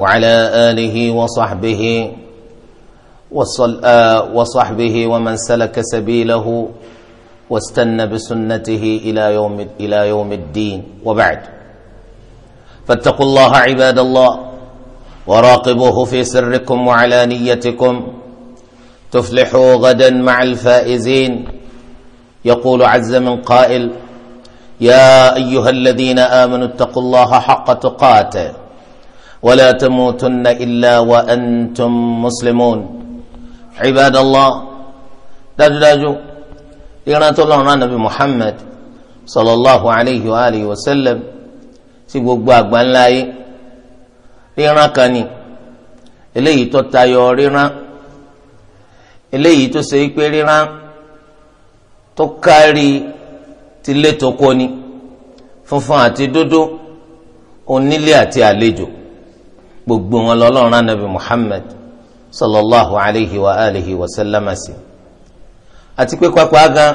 وعلى آله وصحبه آه، وصحبه ومن سلك سبيله واستنى بسنته إلى يوم إلى يوم الدين وبعد فاتقوا الله عباد الله وراقبوه في سركم وعلى نيتكم تفلحوا غدا مع الفائزين يقول عز من قائل يا أيها الذين آمنوا اتقوا الله حق تقاته ولا تموتن إلا وأنتم مسلمون عباد الله داجو داجو إيران الله نبي محمد صلى الله عليه وآله وسلم sí gbogbo àgbáńláyé ríran kan ni eléyìí tó tayọ ríran eléyìí tó ṣe pé ríran tó kárí tilé tó kó ni funfun àti dúdú onílé àti àlejò gbogbo wọn lọ́lọ́run rán Nabi Muhammad sallallahu alayhi wa alihi wa sallam sí àti pé pápá gan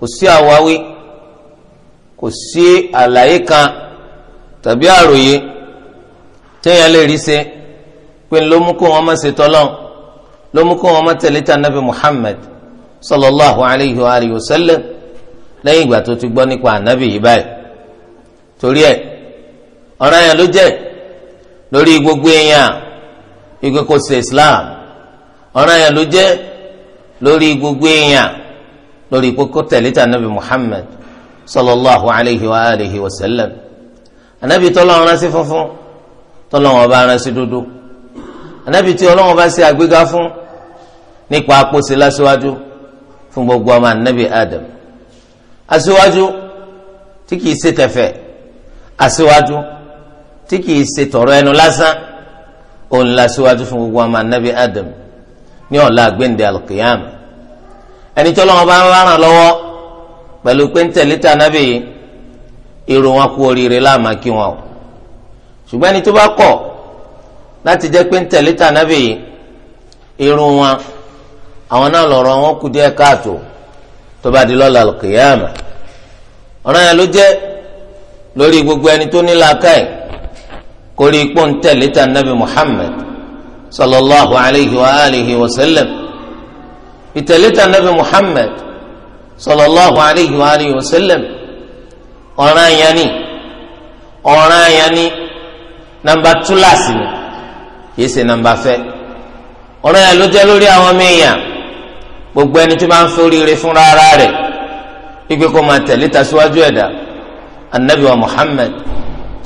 kò sí àwáwí kò sí àlàyé kan tàbí àròyé téèyàn lè rí ṣe pé ló mú kó wọn má ṣe tọ́lọ́n ló mú kó wọn má tẹ̀lé ta Nabi Muhammad sallallahu alayhi wa alihi wa sallam lẹ́yìn ìgbà tó ti gbọ́ nípa ànábì yìí báyìí torí ẹ̀ ọ̀ranyàn ló jẹ́ ẹ̀ lórí gbogbo èèyàn ike kò ṣe islam ọ̀ràn yẹn ló jẹ́ lórí gbogbo èèyàn lórí kókó tẹ̀lé tà nàbì muhammad sallallahu alayhi wa alihi wa sallam anabi tọ́lọ́ ọ̀ràn sí funfun tọ́lọ́ ọba ọ̀ràn sí dúdú anabi tí ọlọ́wọ́n bá ṣe àgbéga fún nípa àpòsí lásìwájú fún gbogbo ọmọ anabi adam aṣíwájú tí kìí ṣe tẹ̀fẹ̀ aṣíwájú. tí kìí ṣe tọ̀rọ̀ ẹnu lásán òun la síwájú fún gbogbo ọmọ anabi adam ní ọ̀la àgbéǹde alqiyam ẹni tí ọlọ́wọ́n bá ń ràn lọ́wọ́ pẹ̀lú pé ń tẹ̀lé ta anabi irun wọn kú oríire láàmà kí wọn o ṣùgbọ́n ẹni tó bá kọ̀ láti jẹ́ pé ń tẹ̀lé ta anabi irun wọn àwọn náà lọ̀rọ̀ wọn díẹ̀ káàtó tó bá di lọ́la gbogbo ẹni tó ní làákàyè. kórè ipò ń tẹ̀lé ta nabi muhammed sallallahu alayhi wa alihi wa sallam ìtẹ̀lé ta nabi muhammed sallallahu alayhi wa alihi wa sallam ọ̀ràn yẹn ni ọ̀ràn yẹn ni nàmbà túláàsì ni kìí ṣe nàmbà fẹ́ ọ̀ràn yẹn ló lórí àwọn mẹ́yàn gbogbo ẹni tó máa ń foríire fúnra ara rẹ̀ wípé kó máa tẹ̀lé ta síwájú ẹ̀dá anabi wa muhammed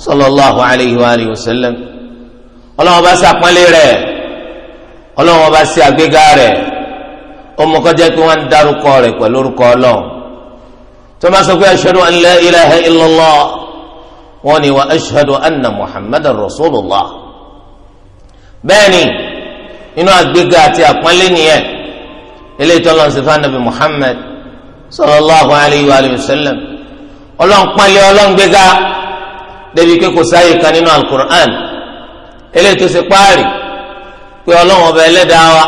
sallallahu alayhi wa alihi wa sallam ọlọ́wọ́n bá sàpọ́nlé rẹ̀ ọlọ́wọ́n bá sí àgbéga rẹ̀ ọmọkọ́jẹ́ pé wọ́n ń darúkọ rẹ̀ pẹ̀lú orúkọ ọlọ́run tó máa sọ pé ashhadu an la ilaha illallah wọ́n ní wa ashhadu anna muhammadan rasulullah bẹ́ẹ̀ni inú àgbéga àti àpọ́nlé nìyẹn eléyìí tó lọ́n sí muhammad sallallahu alayhi wa alihi wa pọ́nlé ọlọ́run gbéga débi pé kò sáyè kan nínú alukur'an eléyìí tó ṣe páàrì pé ọlọ́run ọba ẹlẹ́dàá wa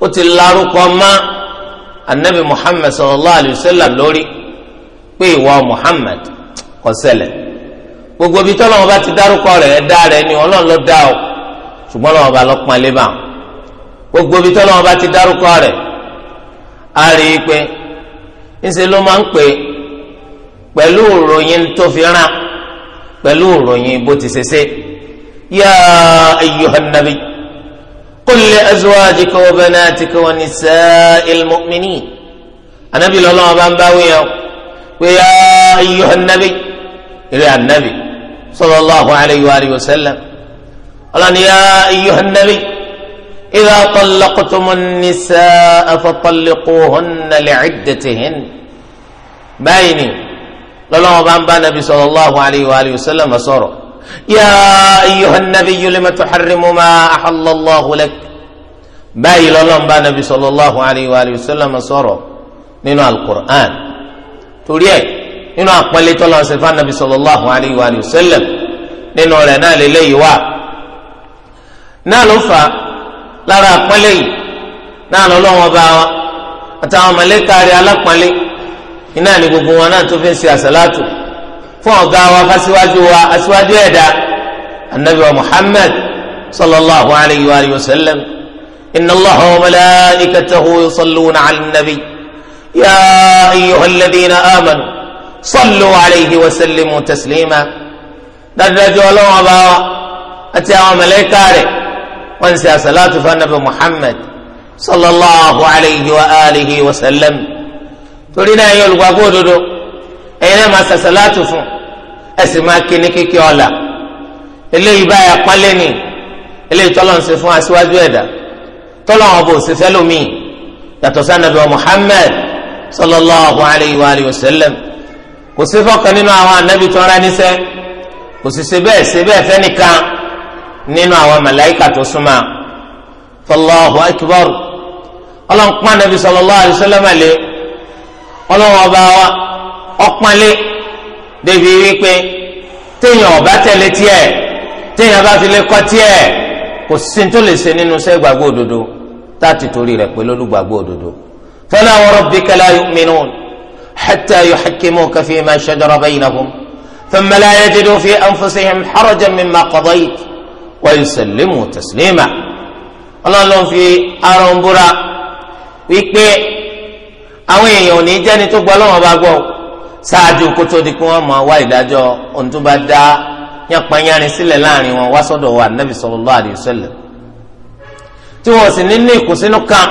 ó ti larúkọ mọ́ anabi muhammed sallallahu alayhi wa sallam lórí pé ìwọ muhammed kò ṣẹlẹ̀ gbogbo ibi tí ọlọ́run ọba ti dárúkọ rẹ̀ ẹ̀dá rẹ̀ ni ọlọ́run ló dá o ṣùgbọ́n ọlọ́run ọba ló pọn lébà gbogbo ibi tí ọlọ́run ti dárúkọ rẹ̀ a rí i pé ńṣe ló máa ń pè pẹ̀lú ìròyìn tó fi rán pẹ̀lú ìròyìn bó ti ṣe ṣe yá ayyuhannabi qul li azwajika wa banatika wa nisa'il mu'minin anabi lọ́lọ́wọ́ bá ń bá wíyàn pé yá ayyuhannabi eré anabi sallallahu alayhi wa alihi wa sallam ọlọ́ni yá ayyuhannabi idha tallaqtumun nisa'a fatalliquhunna li'iddatihin báyìí ni lọ́lọ́wọ́n bá ń bá nàbí sallallahu alayhi wa alihi wa sallam sọ̀rọ̀ yá ayyuhan nabiyyu lima tuharrimu ma ahallallahu lak báyìí lọ́lọ́wọ́n bá nàbí sallallahu alayhi wa alihi wa sallam sọ̀rọ̀ nínú alukur'an torí ẹ̀ nínú àpọ́nlé tọ́lọ́ ṣe fún nàbí sallallahu alayhi wa alihi wa sallam nínú rẹ̀ náà lélẹ́yìí wá náà ló fà lára àpọ́nlé náà lọ́lọ́wọ́n bá wọn àtàwọn mọ̀lẹ́kàrí alápọ́nlé iná ni gbogbo wọn náà tó fi ń ṣe àṣàlátù fún ọ̀gá wa fásiwájú wa aṣíwájú ẹ̀dá anabiwa muhammed sallallahu alayhi wa sallam inna allah wa malaikatahu yusalluna ala nabi ya ayyuha alladhina amanu sallu alayhi wa sallimu taslima dájúdájú ọlọ́wọ́n ọba wa àti àwọn mẹlẹ́kà rẹ̀ wọ́n ń ṣe àṣàlátù fún anabiwa muhammed sallallahu alayhi wa alihi wa sallam. torí náà yẹ olùgbàgbọ́ òdodo ẹ̀yin náà máa ṣẹ̀ṣẹ̀ láti fún ẹ sì máa kí ní kíkí ọ̀la eléyìí báyà pálẹ́ ni eléyìí tọ́lọ̀ ń ṣe fún aṣíwájú ẹ̀dá tọ́lọ̀ wọn bò sí fẹ́lómìn yàtọ̀ sànàbí wa Muhammad sallallahu alayhi wa alihi wa sallam kò sí fọ́kàn nínú àwọn anábì tó ń rán níṣẹ́ kò sì ṣe bẹ́ẹ̀ ṣe bẹ́ẹ̀ fẹ́nìkan nínú àwọn màláìkà tó súnmọ́ fallahu akbar ọlọ́nkpọ́n anábì sallallahu alayhi wa sallam àlẹ́ ọlọ́wọ́n ọba wa ọ̀pọ̀nlé débi wípé téèyàn ọba tẹ̀lé tiẹ̀ téèyàn bá fi lè kọ́ tiẹ̀ kò sí tó lè ṣe nínú iṣẹ́ ìgbàgbọ́ òdodo tá a ti torí rẹ̀ pé lólùgbàgbọ́ òdodo fala wa rabbika la yu'minun hatta yuhakkimuka fima shajara baynahum thumma la yajidu fi anfusihim harajan mimma qadayt wa yusallimu taslima ọlọ́run ló ń fi arọ̀ ń búra wípé àwọn èèyàn ò ní jẹ́ni tó gbọ́ lọ́wọ́ bá gbọ́ ṣáájú kó tó di pé wọ́n máa wá ìdájọ́ ohun tó bá dá yánpanyánrin sílẹ̀ láàrin wọn wá sọ́dọ̀ wa nàbì sallallahu alaihi wasallam tí wọn sì ní ní ìkùnsínú kan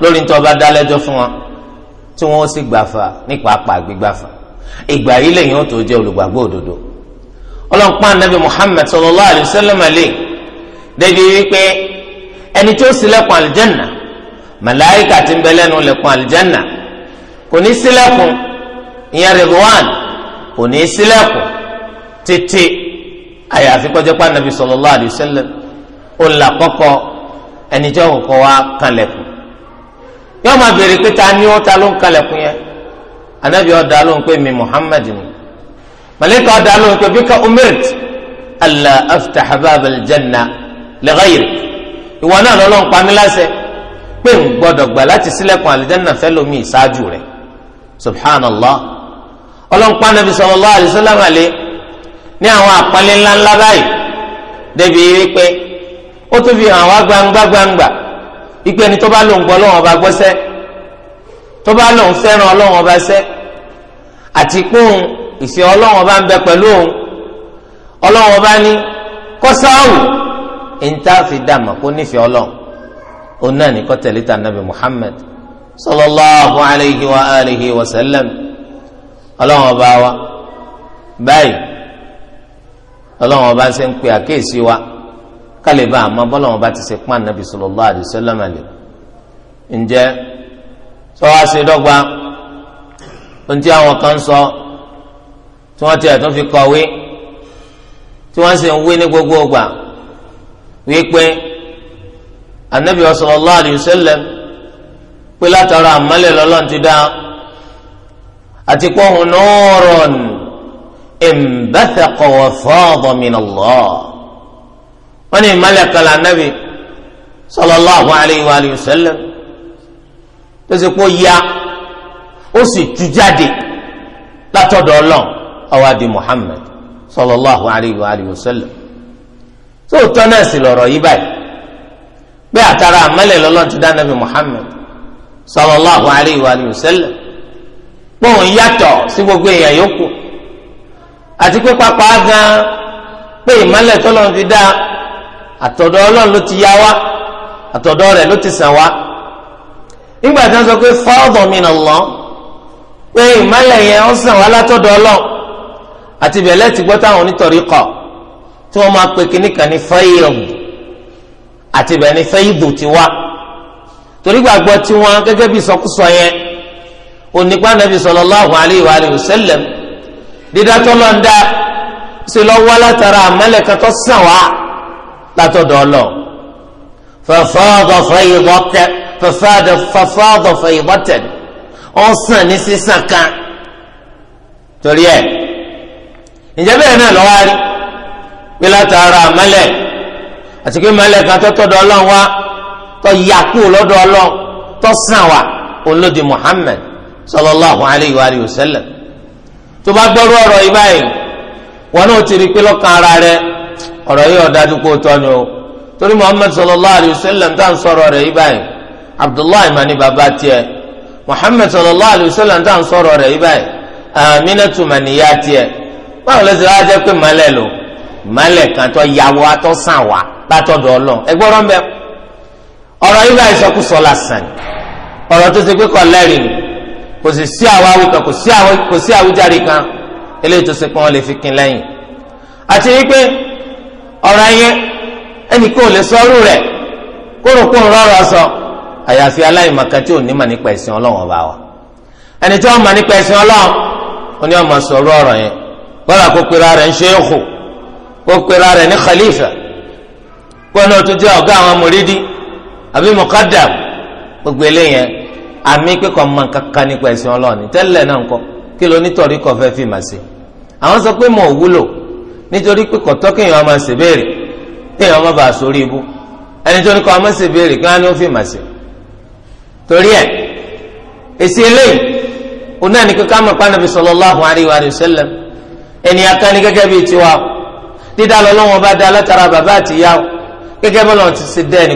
lórí ní tó bá dá lẹ́jọ́ fún wọn tí wọn ó sì gbàfà nípa apá gbígbàfà ìgbà yìí lẹ́yìn ó tó jẹ́ olùgbàgbọ́ òdodo ọlọ́npá nàbì Muhammad sallallahu alaihi wasallam débi wípé ẹni tó ṣílẹ̀kùn àlìjẹ́nà màláìkà ti ń bẹ lẹ́nu lẹ̀kùn kò ní sílẹ̀kùn ìyẹn Ridwan kò ní sílẹ̀kùn tètè àyàfi kọjá pa nàbì sallallahu alaihi wasallam ó là kọ́kọ́ ẹni tí wọn kọ́ wa kanlẹ̀kùn yóò máa béèrè pé ta ni ó ta ló ń kanlẹ̀kùn yẹn anabi ọ̀dà ló ń pè mí Muhammad ni malika ọ̀dà ló ń pè bí ká umirt alla aftaha baba aljanna ìwọ náà lọ́lọ́ ń pa mí láṣẹ pé ń gbọ́dọ̀ gbà láti ṣílẹ̀kùn àlìjánnà fẹ́ lómi ìṣáájú rẹ̀ subhanallah ọlọ́nkpá nàbí sallallahu alaihi wasallam ní àwọn àpọ́nlé ńláńlá báyìí débi wípé ó tún fi hàn wá gbangba gbangba ìpè ẹni tó bá lòun gbọ́ lọ́wọ́ ọba gbọ́sẹ́ tó bá lòun fẹ́ràn ọlọ́wọ́ ọba sẹ́ àti kóun ìfẹ́ ọlọ́wọ́ ọba ń bẹ pẹ̀lú òun ọlọ́wọ́ ọba ní kọ́sáwù ìntàfi dàmà kó nífẹ̀ẹ́ ọlọ́wọ́ òun náà ní kọ́ tẹ̀lé ta nàbí Muhammad sallallahu alayhi wa alihi wa sallam ọlọ́run ọba wa báyìí ọlọ́run ọba ṣe ń pe àkéèsí wa kálí bá àmọ́ bọ́lọ́run ọba ti ṣe pa nàbì sallallahu alayhi wa sallam àlè ǹjẹ́ sọ́wọ́ ṣe dọ́gba ohun tí àwọn kan sọ tí wọ́n ti ẹ̀tún fi kọ̀wé tí wọ́n sì ń wí ní gbogbo ìgbà wípé anabi sallallahu alayhi wa sallam pé látara àmọ́lẹ̀ lọ́lọ́run ti dá àti pọ́hùn nọ́ọ̀rọ̀n ìmbẹ́tẹ̀kọ̀ wọ̀ fọ́ọ̀dọ̀ min Allah. wọ́n ní ìmọ́lẹ̀ kan lànàbì sallallahu alayhi wa sallam tó ṣe pé ya ó sì tú jáde látọ̀dọ̀ ọlọ́run awadi Muhammad sallallahu alayhi wa sallam tó tọ́ náà sì lọ̀rọ̀ yí báyìí pé àtàrà àmọ́lẹ̀ lọ́lọ́run ti dá nàbì Muhammad sallallahu alayhi wa sallam pòun yàtọ̀ sí gbogbo èèyàn yòókù àti pé pápá gan pé ìmọ̀lẹ̀ tọ́lọ́run fi dá àtọ̀dọ̀ ọlọ́run ló ti yá wá àtọ̀dọ̀ rẹ̀ ló ti sàn wá nígbà tí wọ́n sọ pé fọ́ọ̀dọ̀ mi nà lọ́ pé ìmọ̀lẹ̀ yẹn ó sàn wá látọ̀dọ̀ ọlọ́run àti bẹ̀lẹ́ ti gbọ́ táwọn onítọ̀rí kọ̀ tí wọ́n máa pe kinní kan ní fẹ́yìrù àti bẹ̀ ní fẹ́yìdù ti wá torí gbàgbọ́ tiwọn gẹ́gẹ́ bí sọkúsọ yẹn onípa nàbì sallallahu alayhi wa sallam dídátọ́ lọ́ndà ṣe lọ́wọ́ látara àmọ́lẹ̀kẹ́tọ́ sàn wá látọ̀dọ̀ ọlọ fafada faydatan fafada fafada faydatan ọ̀sán ní sísan kan torí ẹ̀ ǹjẹ́ bẹ́ẹ̀ náà lọ́wọ́ rí pé látara àmọ́lẹ̀ àti pé mọ́lẹ̀ kan tọ́tọ̀dọ̀ ọlọ́run wá tó yà kúrò lọ́dọ̀ ọlọ́run tó sàn wá olódì Muhammad sallallahu alayhi wa sallam tó bá gbọ́rú ọ̀rọ̀ yìí báyìí wọn náà ti rí i pé lọ́kàn ara rẹ ọ̀rọ̀ yìí ọ̀dájú kó tọ́ ni o torí Muhammad sallallahu alayhi wa sallam tá à ń sọ̀rọ̀ rẹ̀ yìí báyìí Abdullahi mani baba tiẹ̀ Muhammad sallallahu alayhi wa sallam tá à ń sọ̀rọ̀ yìí báyìí Aminatu maniya tiẹ̀ báwo ló ti wá jẹ́ pé malẹ̀ lò malẹ̀ kan tó yà wá tó sàn wá látọ̀dọ̀ ọlọ́run ẹgbọ́n rẹ̀ mbẹ́ ọ̀rọ̀ yìí bá ìsọkúsọ lásán ọ̀rọ̀ tó ṣe pé kọ́ lẹ́rìí ni kò sì sí àwáwí kan kò sí àwíjàre kan eléyìí tó ṣe pé wọ́n lè fi kin lẹ́yìn àti wípé ọ̀rọ̀ yẹn ẹnì kò lè sọ́rù rẹ̀ kórókóró rọ̀rọ̀ sọ àyàfi aláìmọ̀kan tí ò ní mà nípa ẹ̀sìn ọlọ́run ọba wa ẹni tí wọ́n mà nípa ẹ̀sìn ọlọ́run ó ní ọmọ sọ̀rọ̀ ọ̀rọ̀ yẹn gbọ́dọ̀ kó pera rẹ̀ ń ṣe é hù kó pera rẹ̀ ní khalifa kó náà tó jẹ́ ọ̀gá àwọn mùrídìí àbí muqaddam gbogbo eléyẹn àmì pé kò mọ kankan nípa ẹ̀sìn ọlọ́ọ̀ni tẹ́lẹ̀ náà ńkọ́ kí ló nítorí kò fẹ́ fi mà sí. àwọn sọ pé mọ̀ ò wúlò nítorí pé kò tọ́ kéèyàn máa ṣe béèrè kéèyàn máa bàa sórí ibú ẹni tó ní kọ́ máa ṣe kí wọ́n á ní ó sí. torí ẹ èsì eléyìí òun náà ní kíkọ́ àmọ́ pàǹdàbí sallallahu alayhi wa sallam ènìyàn kan ní gẹ́gẹ́ bíi tiwa dídá lọ́wọ́ bá dá látara bàbá àtìyá gẹ́gẹ́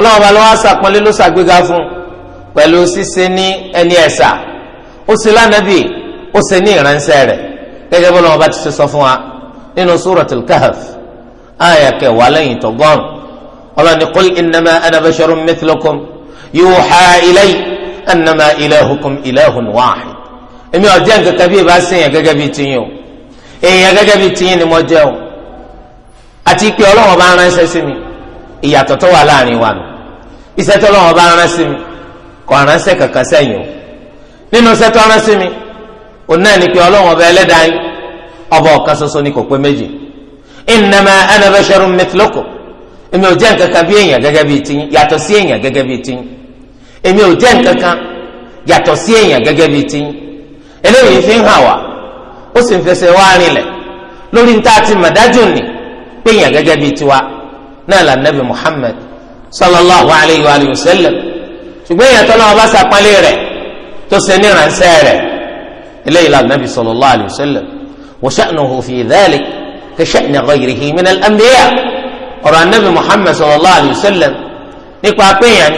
ọlọ́wọ́n bá lọ́wọ́ sàpọ́nlé ló sàgbéga fún pẹ̀lú ṣíṣe ní ẹni ẹ̀sà ó ṣe lánàbì ó ṣe ní ìránṣẹ́ rẹ̀ gẹ́gẹ́ bọ́lọ́wọ́n bá ti ṣe sọ fún wa nínú suratul kahf aya kẹwàá lẹ́yìn tọ́gọ́rùn ọlọ́ni qul innama ana basharun mithlukum yuha ilay annama ilahukum ilahun wahid èmi ọ̀jẹ̀ nǹkan kan bí ibà gẹ́gẹ́ bí tiyín o èèyàn gẹ́gẹ́ bí tiyín ni mo jẹ́ o àti pé ọlọ́wọ́n bá ránṣẹ́ sí mi ìyàtọ̀ wà láàrin wa nù iṣẹ́ tó lọ́wọ́ bá rán sí mi kò ránṣẹ́ kankan sẹ́yìn o nínú iṣẹ́ rán sí mi òun náà ní pé ọlọ́wọ́ bá ẹlẹ́dàá yín ọba ọ̀kan ṣoṣo ni kò pé méjì innama ana basharun mithlukum èmi ò jẹ́ nǹkankan bí èèyàn gẹ́gẹ́ bí tiyín yàtọ̀ sí èèyàn gẹ́gẹ́ bí tiyín èmi ò jẹ́ nǹkankan yàtọ̀ sí èèyàn gẹ́gẹ́ bí tiyín eléyìí fi ń hàn wá ó sì ń fẹsẹ̀ wá rinlẹ̀ lórí níta màdájú ni pé èèyàn gẹ́gẹ́ bí tiwa náà là nàbì Muhammad sallallahu alayhi wa sallam ṣùgbọ́n èèyàn tó náà bá sàpálẹ̀ rẹ̀ tó ṣe ní ìrànṣẹ́ rẹ̀ eléyìí la nabi sallallahu alayhi wa sallam wa sha'nuhu fi dhalik ka sha'ni ghayrihi min al-anbiya ọ̀rọ̀ anabi muhammad sallallahu alayhi wa sallam nípa péyàn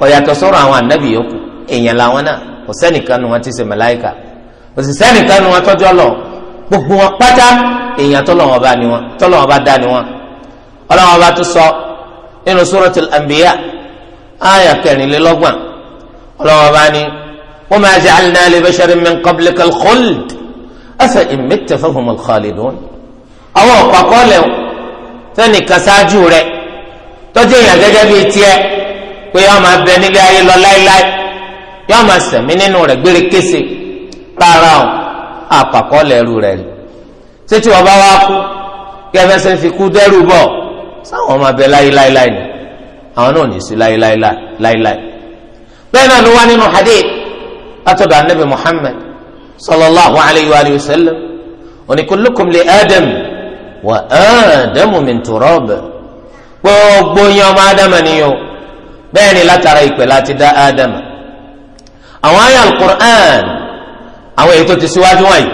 kò yàtọ̀ sọ̀rọ̀ àwọn anabi yòókù èèyàn làwọn náà kò sẹ́nìkan nu wọn ti ṣe màláíkà kò sì sẹ́nìkan nu wọn tọ́jú ọlọ́ gbogbo wọn pátá èèyàn tọ́lọ́wọ́n bá dá ni wọn ọlọ́wọ́n bá tó sọ nínú suratul anbiya aya kẹrìnlélọ́gbọ̀n ọlọ́wọ́ bá ní wa ma ja'alna li basharin min qablika al-khuld afa in mitta fahumul khalidun. àwọn ọ̀pọ̀ akọ́lẹ̀ sẹ́nìkan ṣáájú rẹ̀ tọ́jú èèyàn gẹ́gẹ́ bíi tiẹ̀ pé yọ́ọ́ máa bẹ nílé ayé lọ láéláé yọ́ọ́ máa sẹ̀mí nínú rẹ̀ gbére kése rárá o sáwọn ọmọ abẹ láíláíláí ni àwọn náà ní sí láíláíláí bẹ́ẹ̀ náà ló wá nínú hadith látọ̀dọ̀ anabi muhammad sallallahu alayhi wa sallam oni kullukum li adam wa adamu min turab gbogbo yín ọmọ adama ni o bẹ́ẹ̀ ni látara ìpè láti dá adama àwọn ayé alukur'an àwọn èyí tó ti síwájú wáyé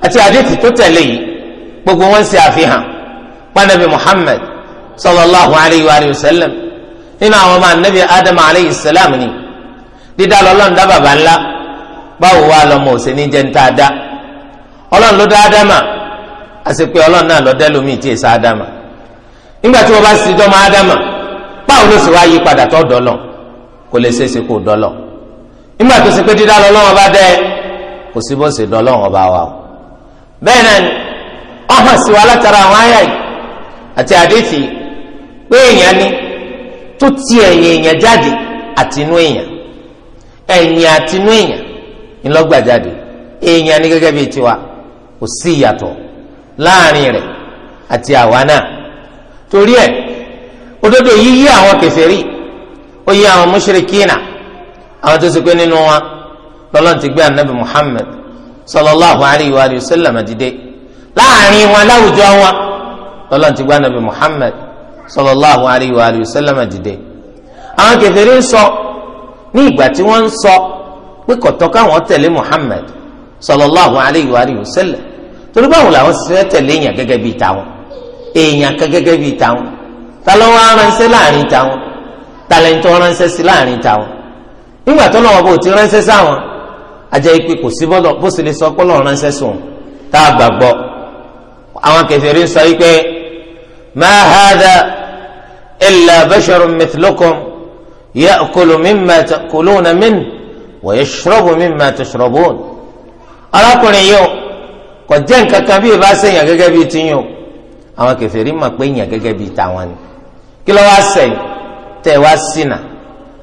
àti àdéhùn tó tẹ̀lé yìí gbogbo wọn ṣe àfihàn pàdánù muhammad sallallahu alayhi wa sallam nínú àwọn ọmọ anabi adam alayhi salam ni dídá lọ́lọ́run dá bàbá ńlá báwo wá lọ́mọ òsè ní jẹ́ níta dá ọlọ́run ló dá ádámà àsìkò ọlọ́run náà ló dá lómi tí èsà ádámà nígbà tí wọ́n bá sì dọ́mọ ádámà báwo ló sì wá yí padà tó dọ́lọ̀ kò lè ṣeéṣe kó dọ́lọ̀ nígbà tó sì pé dídá lọ́lọ́run ọba dẹ́ kò sí bó ṣe dọ́lọ́run ọba wa o bẹ́ẹ̀ náà ni ọ̀hún sì wá látara àwọn àyà yìí pé èèyàn ni tó ti ẹ̀yìn èèyàn jáde àtinú èèyàn ẹ̀yìn inú èèyàn ńlọ́gbà jáde èèyàn ni gẹ́gẹ́ bíi tiwa kò sí ìyàtọ̀ láàrin rẹ̀ àti àwa náà torí ẹ̀ òdodo yìí yí àwọn kèfèrí ó yí àwọn mushrikina àwọn tó pé Muhammad sallallahu alayhi wa sallam láàrin wọn wọn Muhammad sallallahu alayhi wa alihi wa sallam dìde àwọn kèfèrí ń sọ ní ìgbà tí wọ́n ń sọ pé kọtọ káwọn tẹ̀lé Muhammad sallallahu alayhi wa alihi wa sallam torí báwo làwọn sì fẹ́ tẹ̀lé èèyàn gẹ́gẹ́ bíi tàwọn èèyàn kan gẹ́gẹ́ bíi tàwọn ta ló wá ránṣẹ́ láàrin tàwọn talẹ̀ntọ́ ránṣẹ́ sí láàrin tàwọn nígbà tó lọ́wọ́ bó ti ránṣẹ́ sáwọn ajẹ́ ipe kò sí bọ́dọ̀ bó sì lè sọ pé lọ́wọ́ ránṣẹ́ sùn tá a gbàgbọ́ àwọn kèfèrí sọ yìí pé. ما هذا إلا بشر مثلكم يأكل مما تأكلون منه ويشرب مما تشربون arákùnrin yìí o kò jẹ́ nǹkan kan bí ìbá sẹ́yìn gẹ́gẹ́ bíi ti yín o àwọn kẹfẹ́rí mọ̀ pé yàn gẹ́gẹ́ bíi tàwọn ni kí ló wá sẹ́yìn tẹ́ ẹ wá ṣìnà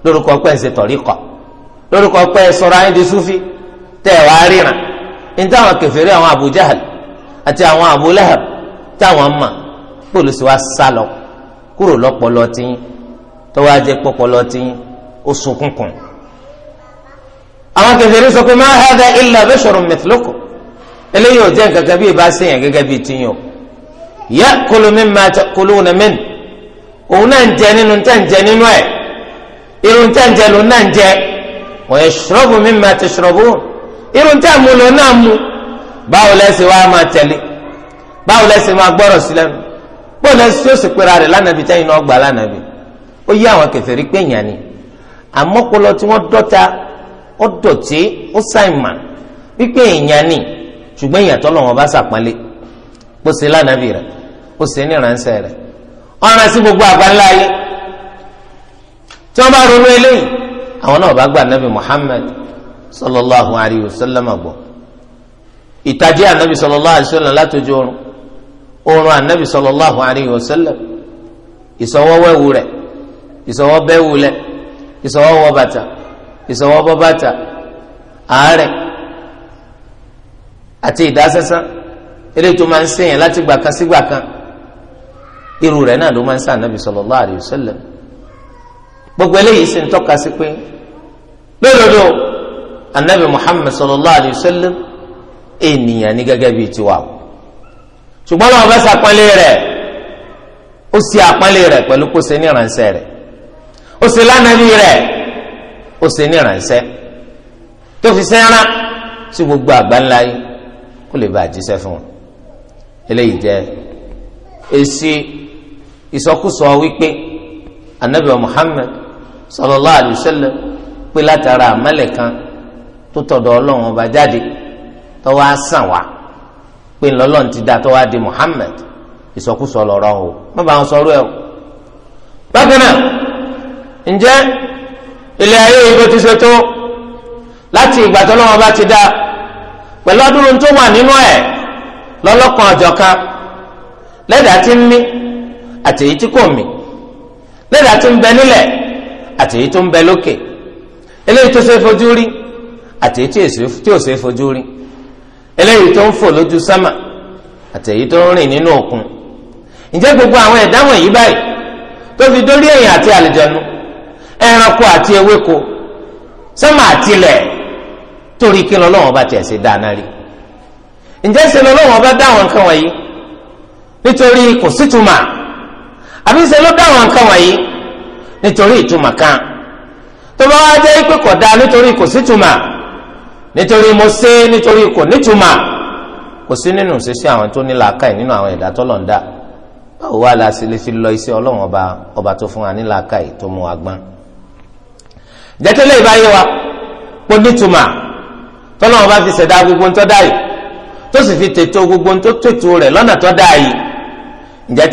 lórúkọ pé ń ṣe tọ̀ríkọ̀ lórúkọ pé ẹ sọ̀rọ̀ ayé di súfì tẹ́ ẹ wá ríran ní táwọn kẹfẹ́rí àwọn Abu Jahal àti àwọn Abu Lahab táwọn mọ̀ bóòlù sì wá sálọ kúrò lọ́pọlọ tiyín tọ́wọ́ ajẹ́ pọ́pọlọ tiyín ó sunkúnkùn. àwọn kẹfẹ́rẹ́ sọ pé ma hadha illa basharun mithlukum eléyìí ò jẹ́ gẹ́gẹ́ bí ìbá sẹ́yìn gẹ́gẹ́ bí tiyín o ya'kulu mimma ta'kuluna min òun náà ń jẹ nínú tẹ́ ń jẹ nínú ẹ̀ irun tẹ́ ń jẹ lòun náà ń jẹ wa yashrabu mimma tashrabun irun tẹ́ mu lòun náà mu báwo lẹ́sìn wá máa tẹ̀lé báwo lẹ́sìn máa gbọ́rọ̀ sílẹ̀ nù bọ́ọ̀lù ẹsẹ̀ yóò sì pera rẹ̀ lánàbí tẹ́yìn náà gbà lánàbí ó yí àwọn kèfèrí pé yàn ni àmọ́ ọpọlọ tí wọ́n dọ́ta ó dọ̀tí ó ṣàìmà wípé èèyàn ni ṣùgbọ́n èèyàn tọ́lọ̀ wọn bá ṣàpọ́nlé kó ṣe lánàbí rẹ̀ ó ṣe ní ìránṣẹ́ rẹ̀ ọ̀ràn sí gbogbo àgbáńlá yìí tí wọ́n bá ronú eléyìí àwọn náà bá gba nabi Muhammad sallallahu alayhi wa sallam gbọ́ ìtàjẹ́ ànábì sallallahu alayhi wa sallam látọjú oorun oorun anabi sallallahu alayhi wa sallam ìsọwọ́wẹ́wù rẹ̀ ìsọwọ́bẹ́wù lẹ̀ ìsọwọ́wọ́ bàtà ìsọwọ́bọ́ bàtà àárẹ̀ àti ìdásẹ́sán eléyìí tó máa ń sèyàn láti gbà kan sígbà kan irú rẹ̀ náà ló máa ń sá anabi sallallahu alayhi wa sallam gbogbo eléyìí sì ń tọ́ka sí pé lódodo anabi muhammed sallallahu alayhi wa sallam ènìyàn ní gẹ́gẹ́ bíi tiwa o ṣùgbọ́n lọ́wọ́ fẹ́ sàpọ́nlé rẹ̀ ó sì àpọ́nlé rẹ̀ pẹ̀lú kó ṣe ní ìrànṣẹ́ rẹ̀ ó ṣe lánàbí rẹ̀ ó ṣe ní ìrànṣẹ́ tó fi sẹ́ran sí gbogbo àgbáńlá yìí kó lè bàa jíṣẹ́ fún wọn eléyìí jẹ́ èsì ìsọkúsọ wípé anabi Muhammad sallallahu alayhi sallam pé látara àmàlẹ̀ kan tó tọ̀dọ̀ ọlọ́run ọba jáde tó wá sàn pé ńlọ́lọ́n ti da tó di Muhammad ìsọkúsọ lọ́rọ̀ o má bàa ń sọ̀rọ̀ ẹ̀ o. bákan náà ǹjẹ́ ilé ayé ibo ti ṣe tó láti ìgbà tó lọ́wọ́ bá ti dá pẹ̀lú ọdún tó wà nínú ẹ̀ lọ́lọ́kan ọ̀jọ̀kan lẹ́dàá ti ń mí àti èyí tí kò mí lẹ́dàá ti ń bẹ nílẹ̀ àti èyí tó ń bẹ lókè eléyìí tó ṣe fojú rí àti èyí tí ò ṣe fojú rí eléyìí tó ń fò lójú sámà àtẹ̀yí tó ń rìn nínú òkun ǹjẹ́ gbogbo àwọn ẹ̀dá wọ̀nyí báyìí tó fi dórí èèyàn àti àlùjànnú ẹranko àti ewéko sámà àtilẹ̀ torí kí lọ́lọ́wọ́n bá ṣe dáná rí ǹjẹ́ ṣe lọ́lọ́wọ́n bá dá àwọn nǹkan wọ̀nyí nítorí kò sí àbí ṣe ló dá àwọn nǹkan wọ̀nyí nítorí kan tó bá wá jẹ́ nítorí mo ṣe nítorí kò nítumọ̀ kò sí nínú ṣíṣe àwọn tó ní làákàyè nínú àwọn ẹ̀dá tó lọ́ọ̀dá báwo wá la lè fi lọ iṣẹ́ ọlọ́run ọba ọba tó fún wa ní làákàyè tó mú wa gbọ́n. jẹ́tẹ́lẹ̀ ìbáyé wa kò nítumọ̀ tọ́lọ́run ọba fi ṣẹ̀dá gbogbo ńtọ́ dá yìí tó sì fi gbogbo ńtọ́ tètò rẹ̀ lọ́nà tó dá yìí wa ǹjẹ́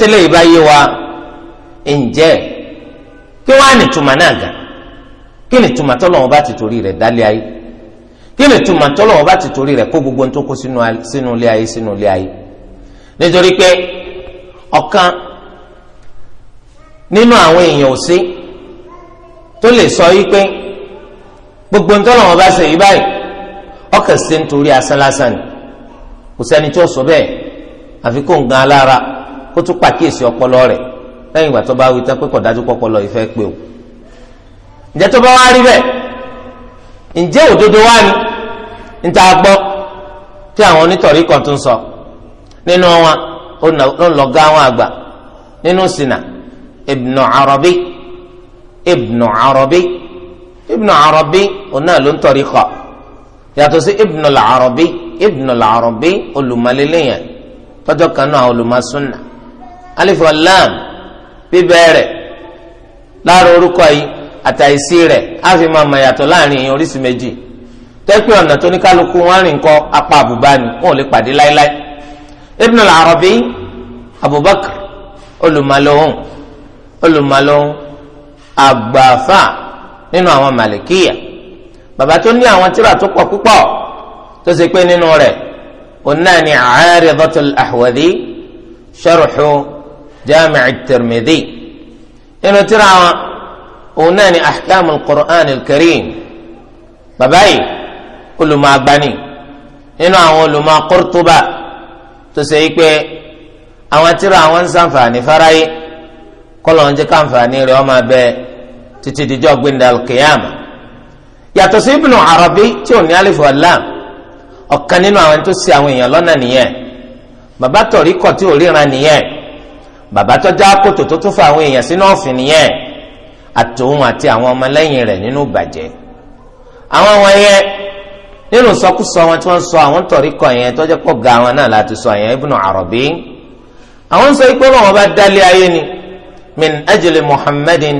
kí náà kí tọ́lọ́run ọba ti torí rẹ̀ dálé kí ni túmọ̀ tọ́lọ̀ wọn bá ti torí rẹ̀ kó gbogbo ohun tó kó sínú ilé ayé sínú ilé ayé nítorí pé ọ̀kan nínú àwọn èèyàn ò sí tó lè sọ yí pé gbogbo ohun tọ́lọ̀ wọn bá ṣe yí báyìí ọkàn sí nítorí asán lásán ni kò sẹ́ni tí sọ bẹ́ẹ̀ àfi kó ń gan alára kó tún pàkíyèsí ọpọlọ rẹ̀ lẹ́yìn ìgbà tó bá wí tán pé kò dájú pọpọlọ ìfẹ́ pé o ǹjẹ́ tó bá wá rí bẹ́ẹ̀ ǹjẹ́ òdodo wá ni níta gbọ́ tí àwọn onítọ̀rí kan tún sọ nínú wọn ó ń lọ́gá wọn àgbà nínú sinà ibnu arabi ibnu arabi ibnu arabi òun ló ń tọ̀rí kọ yàtọ̀ sí ibnu làárọ̀bí ibnu làárọ̀bí olùmọ̀lélẹ́yìn tọ́jọ́ kan náà olùmọ̀súnà alif wa bíbẹ̀rẹ̀ láàárọ̀ orúkọ yìí àtàìsí rẹ̀ á máa mọ̀ yàtọ̀ láàrin oríṣi méjì tẹ́pẹ́ ọ̀nà tó ní kálukú wọn rìn kọ́ apá àbùbá ni wọn ò lè pàdé láéláé Ibn al-Arabi Abubakar olùmọ̀lọ́hún olùmọ̀lọ́hún àgbàfà nínú àwọn màlìkíyà bàbá tó ní àwọn tírà tó pọ̀ púpọ̀ tó ṣe pé nínú rẹ̀ onáà ni Aridatul Ahwadi sharhu Jami' at nínú tírà wọn onáà ni ahkamul Qur'anil Karim bàbá yìí olùmọ̀ agbani nínú àwọn olùmọ̀ Qurtuba tó ṣe pé àwọn tíra àwọn ń sànfààní fáráyé kọlọ̀ ń jẹ́ káǹfààní rẹ̀ ọmọ abẹ títí dijọ́ gbendal kìyàmù yàtọ̀ sí Ibnu Arabi tí ò ní alifu alam ọ̀kan nínú àwọn tó ṣì àwọn èèyàn lọ́nà nìyẹn bàbá tọ̀rí kọ̀ tí ò ríran nìyẹn bàbá tó já kòtò tó tún fa àwọn èèyàn sínú ọ̀fìn nìyẹn àtòun àti àwọn ọmọlẹ́yìn rẹ̀ nínú ìbàjẹ́ àwọn wọn nínú sọkúsọ wọn tí wọ́n sọ àwọn tọ̀rí kọ yẹn tọ́jọ́ pọ̀ ga wọn náà láti sọ yẹn Ibn Arabi àwọn sọ ikú ọlọ́wọ́n bá dálé ayé ni min ajli muhammadin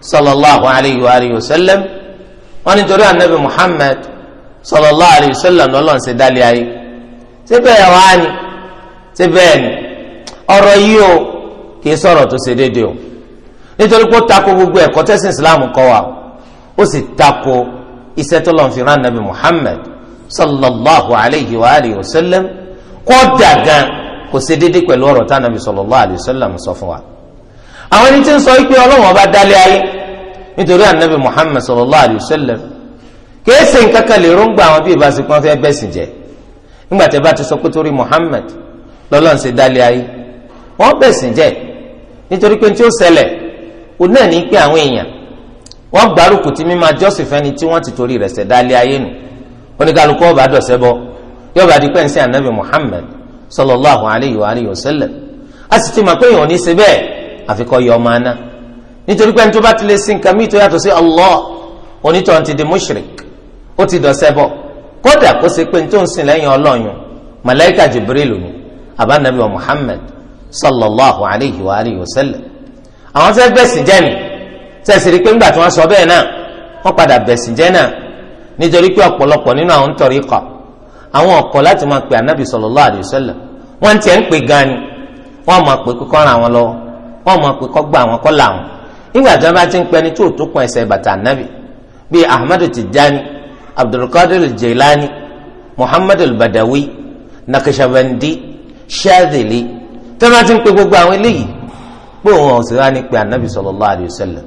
sallallahu alayhi wa alihi wa sallam wọn nítorí anabi muhammad sallallahu alayhi wa sallam lọ́lọ́n ṣe dálé ayé ṣé bẹ́ẹ̀ wá ni ṣé bẹ́ẹ̀ ni ọ̀rọ̀ yìí o kì í sọ̀rọ̀ tó ṣe déédéé o nítorí pé ó tako gbogbo ẹ̀kọ́ tẹ́sí islam kọ́ wa ó sì tako iṣẹ́ tó lọ́n fi rán nabi muhammed sallallahu alayhi wa alayhi wa sallam kódà gan kò ṣe déédé pẹ̀lú ọ̀rọ̀ tá nabi sallallahu alayhi wa sallam sọ fún wa. àwọn ẹni tí ń sọ pé ọlọ́run ọba dálé ayé nítorí anabi muhammed sallallahu alayhi wa sallam kìí ṣe nǹkan kan lè róńgbà àwọn bí ìbáṣe kan fẹ́ bẹ́sìn jẹ́ nígbà tẹ́ bá ti sọ pé torí muhammed lọ́lọ́run ṣe dálé ayé wọ́n bẹ̀sìn jẹ́ nítorí pé tí ó ṣẹlẹ̀ òun náà ní pé àwọn èèyàn wọ́n gbárùkù tí mímọ ajọ́sìn fẹ́ni tí wọ́n ti torí rẹ̀ ṣẹ̀dá lé ayé nu oníkàlùkù ọba dọ̀sẹ̀ bọ́ yóò bá di pẹ́ ǹsẹ́ anabi muhammed sallallahu alayhi wa alayhi wa sallam a sì ti mọ̀ pé ìwọ̀n ní ṣe bẹ́ẹ̀ àfikọ́ yọ ọmọ aná nítorí pé ní tó bá sin nǹkan tó yàtọ̀ sí allah onítọ̀ ti di mushrik ó ti dọ̀sẹ̀ bọ́ kódà kó ṣe pé ní tó lẹ́yìn ọlọ́yun malaika jibril ni àbá anabi muhammed sallallahu alayhi wa alayhi wa sallam àwọn fẹ́ gbẹ̀sìn jẹ́ sẹ́sìrì pé ńgbà tí wọ́n sọ bẹ́ẹ̀ náà wọ́n padà bẹ̀sìn jẹ́ náà nítorí pé ọ̀pọ̀lọpọ̀ nínú àwọn tọ̀rí kọ̀ àwọn ọ̀kọ̀ láti máa pè ànábì sallallahu alaihi wasallam wọ́n tiẹ̀ ń pè gan ni wọ́n máa pè kókó ran àwọn lọ́wọ́ wọ́n máa pè kọ́ gba àwọn kọ́ là àwọn nígbà tí wọ́n bá ti ń pẹni tó tó pọn ẹsẹ̀ bàtà ànábì bíi Ahmadu Tijani Abdulkadir Jilani Muhammadu Badawi Nakashabandi Shadili tí wọ́n bá ti ń pè gbogbo àwọn eléyìí pé òun ọ̀sẹ̀ wá ní pé ànábì sallallahu alaihi wasallam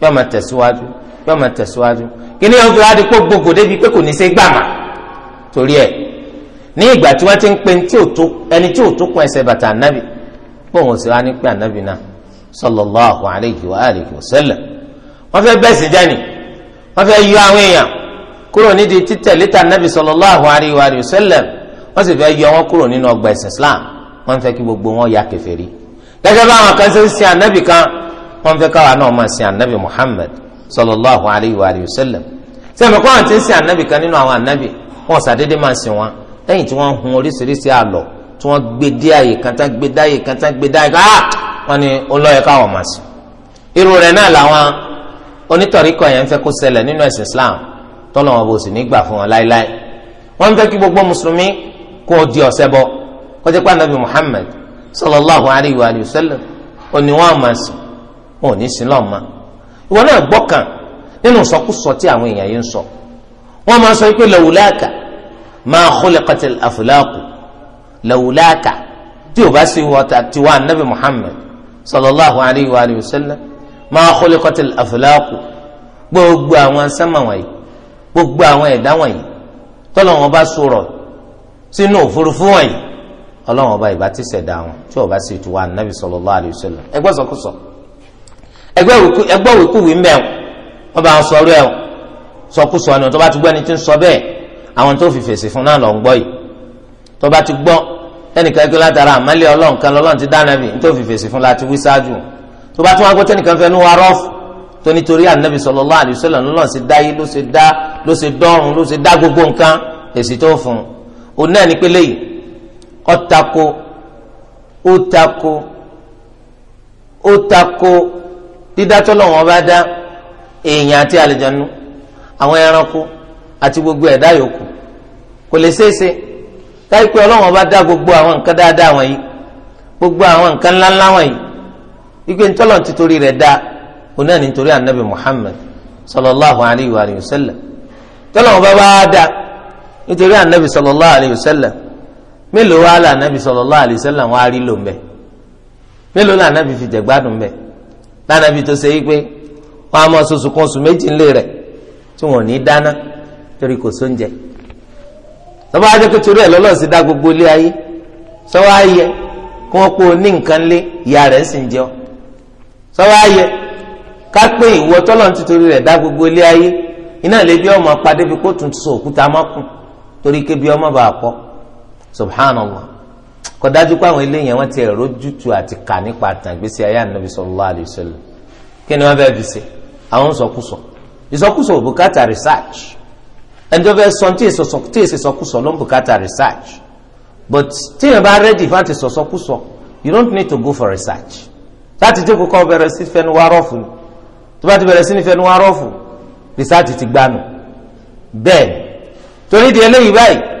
yóò máa tẹ̀síwájú yóò máa ya kíní yóò fi di gbogbo débi bi kò ní ni se gbama torí ẹ̀ ní ìgbà tí ti ń pe ẹni tí ò tó kún ẹsẹ̀ bàtà ànábì bóun ò sì wá wa wa sallam sallallahu alayhi wa sallam sì yọ wọn kúrò nínú ọgbà islam kí gbogbo wọn wọ́n fẹ́ káwa náà máa sin anabi muhammed sallallahu alayhi wa sallam sẹ́mi kọ́ àti sin anabi kan nínú àwọn anabi wọ́n sàdédé máa sin wọn lẹ́yìn tí wọ́n hun oríṣiríṣi àlọ́ tí wọ́n gbé dé àyè kan gbé dá àyè kan gbé dá àyè kan ah! wọ́n ní olóyè káwọn máa sin irú rẹ̀ náà làwọn onítọ̀ríkọ̀ yẹn ń fẹ́ kó ṣẹlẹ̀ nínú ẹ̀sìn islam tọ́lọ̀ wọn bó sì ní fún wọn láéláé wọ́n fẹ́ kí gbogbo mùsùlùmí kó o di ọ̀sẹ̀ bọ́ kọjá pé muhammed sallallahu alayhi wa sallam máa sìn wọn ò ní sin lọ́ọ̀ ma ìwọ náà gbọ́kàn nínú sọkúsọ tí àwọn èèyàn yìí ń sọ wọn máa sọ pé lawulaka ma khuliqatil aflaku lawulaka tí o bá sì wọ tiwa anabi Muhammad sallallahu alayhi wa alihi wa sallam ma khuliqatil aflaku gbogbo àwọn sánmà wọ̀nyí gbogbo àwọn ẹ̀dá wọ̀nyí tọ́lọ́wọ́n bá sọ̀rọ̀ sínú òfurufú wọ̀nyí ọlọ́wọ́n bá ìbá ti wọn tí o bá sì tiwa anabi sallallahu alayhi wa sallam ẹgbẹ́ sọkúsọ ẹgbẹ́ òwìkúwì ń bẹ̀ wọ́n bá ń sọ ọ́rọ́ ẹ̀ sọkúsọ ni tó bá ti gbọ́ ẹni tí ń sọ bẹ́ẹ̀ àwọn tó fi fèsì fún náà lọ ń gbọ́ yìí tó bá ti gbọ́ ẹnìkan kí látara àmàlẹ́ ọlọ́run kan lọ́lọ́run ti dáná bì tó fi fèsì fún láti wí ṣáájú tó bá tún wá gbọ́ tẹ́nìkan fẹ́ nu wa rọ́ọ̀fù tó nítorí ànábì sallallahu alaihi wasallam lọ́lọ́run sì dá yìí ló ṣe dá ló ṣe dọ́run ló ṣe dá gbogbo nǹkan èsì tó fún un òun dídá tọ́lọ́wọ́n bá dá èèyàn àti àlejànú àwọn ẹranko àti gbogbo ẹ̀dá yòókù kò lè ṣeéṣe káyipẹ́ ọlọ́wọ́n bá dá gbogbo àwọn nǹkan dáadáa wọ̀nyí gbogbo àwọn nǹkan ńláńlá wọ̀nyí igbe ntọ́lọ̀ ti torí rẹ̀ dá oní àná nítorí anabi Muhammad sallallahu alayhi wa sallam tọ́lọ́wọ́n bá bá dá nítorí anabi sallallahu alayhi wa sallam mélòó wà lá anabi sallallahu alayhi wa sallam wà á rí lò ń bẹ mélòó lá anabi fi jẹ gbádùn bẹ́ẹ̀ lánàbí tó ṣe wípé wọn á mọ oṣooṣù kan oṣù méjì ńlẹ rẹ tí wọn ò ní dáná torí kò sóúnjẹ lọ́ba ajẹ́ pé torí ẹ̀ lọ́lọ́sí dá gbogbo ilé ayé sọ́wọ́ ayẹ kí wọ́n pò ní nǹkan lé ìyá ọ ayẹ ká pé ìwọ ti torí dá gbogbo ilé ayé iná lè bí ọmọ padé bí kò dájú pé àwọn eléyìí wọn ti ẹ̀rọ jútu àti kà nípa àtàgbèsè ayé ànábi sallallahu alaihi wasallam kí ni wọn fẹ́ẹ́ fi ṣe àwọn sọkúsọ ìsọkúsọ ò bùkátà research ẹni tó fẹ́ẹ́ sọ tí èsì sọkúsọ ló ń bùkátà research but tí yẹn bá rẹ́dì fún àti sọsọkúsọ you don't need to go for research láti tí kò kọ́ bẹ̀rẹ̀ sí fẹ́nu wá rọ́ọ̀fù tó bá ti bẹ̀rẹ̀ sí ní fẹ́nu wá rọ́ọ̀fù research ti gbanu bẹ́ẹ̀ torí di eléyìí báyìí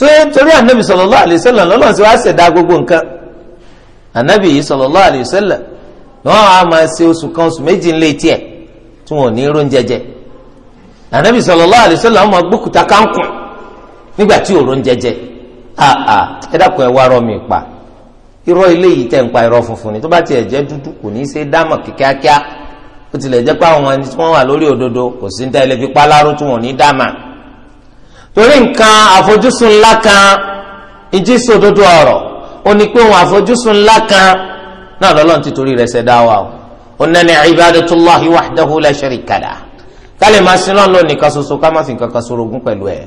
ṣé nítorí anabi sallallahu alayhi wasallam lọ́lọ́run sì wá ṣẹ̀dá gbogbo nǹkan anabi yìí sallallahu alayhi wasallam ni wọ́n á máa ṣe oṣù kan oṣù méjì ńlẹ̀ tiẹ̀ tí wọ́n ò ní jẹjẹ anabi sallallahu alayhi wasallam wọ́n máa gbókùtà kánkùn nígbà tí ò rón jẹjẹ àà ẹ dákun pa funfun ni tó bá tiẹ̀ jẹ́ dúdú kò ní í ṣe ó tilẹ̀ jẹ́ pé àwọn ẹni tí torí nǹkan àfojúsùn ńlá kan ìjí sòdodo ọ̀rọ̀ ó ní pé òun àfojúsùn ńlá kan náà lọ́lọ́run ti torí rẹ̀ ṣẹ̀dá wa o onani ibadatullahi wahdahu la sharika lah kálí máa sin lọ́nà nìkan ṣoṣo ká má fi nǹkan kan sorogún pẹ̀lú ẹ̀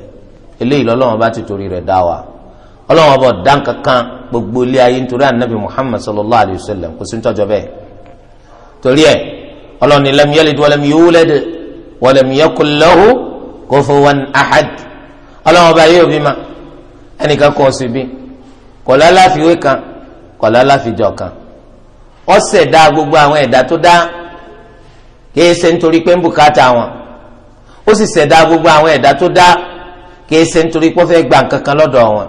eléyìí lọ́lọ́run bá ti torí rẹ̀ dá wa ọlọ́run ọba ọ̀dá kankan gbogbo ilé ayé nítorí anabi muhammad sallallahu alayhi wa sallam kò sí nítọ́jọ́ bẹ́ẹ̀ torí ẹ̀ ọlọ́run ni lam yalid wa lam yulad wa lam yakul ọlọ́run ọba yóò bí ma ẹnìkan kọ́ sí bí kọ̀lá láfiwé kan kọ̀lá láfijọ́ kan ó ṣẹ̀dá gbogbo àwọn ẹ̀dá tó dá kìí ṣe nítorí pé ń bùkátà wọn ó sì ṣẹ̀dá gbogbo àwọn ẹ̀dá tó dá kìí ṣe nítorí pé ó fẹ́ gbà kankan lọ́dọ̀ wọn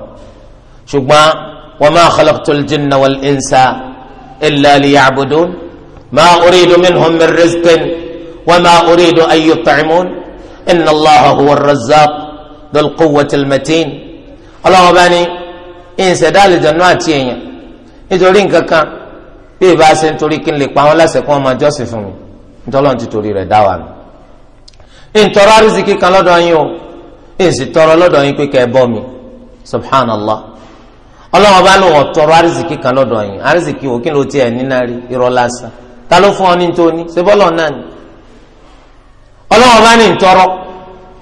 ṣùgbọ́n wa ma khalaqtul jinna wal insa illa liya'budun ma uridu minhum min rizqin wa ma uridu an yut'imun inna Allaha huwa ar-razzaq. dhul quwwatil matin ọlọ́wọ́ bá ní ìṣẹ̀dá àlùjànnú àti èèyàn nítorí nǹkan kan bí ìbá ṣe ń torí kí n lè pa wọn láṣẹ kí wọn máa jọ́sìn fún mi nítorí ti torí rẹ̀ dá wa mi. ìtọrọ àrísìkí kan lọ́dọ̀ yín o ìsì tọrọ lọ́dọ̀ yín pé kẹ́ ẹ bọ́ mi subhanallah ọlọ́wọ́ bá lò wọ́n tọrọ àrísìkí kan lọ́dọ̀ yín àrísìkí wò kí ló tiẹ̀ nínà irọ́ lásán ta ló fún ọ ní ni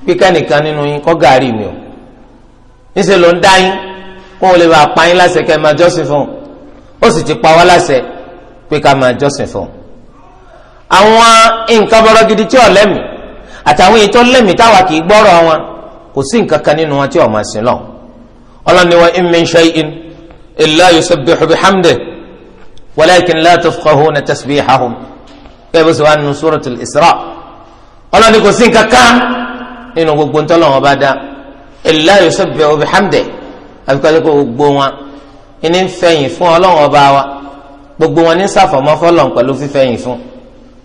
pé kẹ́nìkan nínú yín kọ́ gàárì mi o níṣẹ́ ló ń dá yín kó o lè bá a pa yín láṣẹ kẹ́ ẹ máa jọ́sìn fún un ó sì ti pa wá láṣẹ pé ká máa jọ́sìn fún un. àwọn nǹkan bọ́rọ̀ gidi tí ò lẹ́mìí àtàwọn èyí tó táwa kì í gbọ́rọ̀ wọn kò sí nǹkan kan nínú wọn tí ò máa sìn lọ. ọlọ́ni wa in min shay'in illa yusabbihu bihamdihi walakin la tafqahuna tasbihahum bẹ́ẹ̀ bó ṣe wá ọlọ́ni kò sí nǹkan kan nínú gbogbo ntọ́lọ́wọ́n bá dá illa yusabbihu bihamdihi àfikọ́jọ́ pé gbogbo wọn ní ń fẹ̀yìn fún ọlọ́wọ́n bá wa gbogbo wọn ní sàfọ̀mọ́ fọlọ́n pẹ̀lú fífẹ̀yìn fún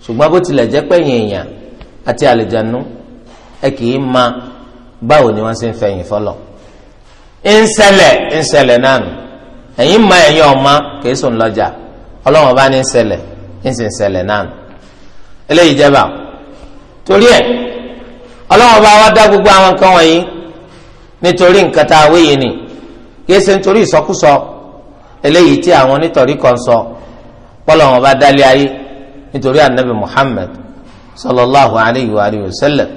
ṣùgbọ́n bó tilẹ̀ jẹ́ pẹ̀yìn èèyàn àti àlìjánu ẹ kì í ma báwo ni wọ́n ṣe ń fẹ̀yìn fọlọ́ ń ṣẹlẹ̀ náà nù ẹ̀yin ma ẹ̀yin ọ̀ma kì í sùn lọ́jà ọlọ́wọ́n bá ní ń ṣẹlẹ̀ ń sì náà nù eléyìí jẹba torí ẹ̀ ọlọ́wọ́n bá wá dá gbogbo àwọn nǹkan wọ̀nyí nítorí nǹkan tá a ni kìí ṣe nítorí ìsọkúsọ eléyìí tí àwọn onítọ̀rí kan sọ pọ́lọ́wọ́n bá dálé ayé nítorí anabi Muhammad sallallahu alayhi wa alihi wa sallam